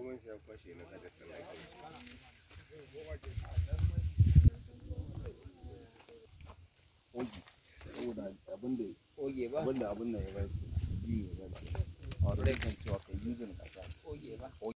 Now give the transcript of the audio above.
komai sai ya kwashe na ga ta lafiya saboda abin da ya bai biyu ya bai a wadda kan cewa kasa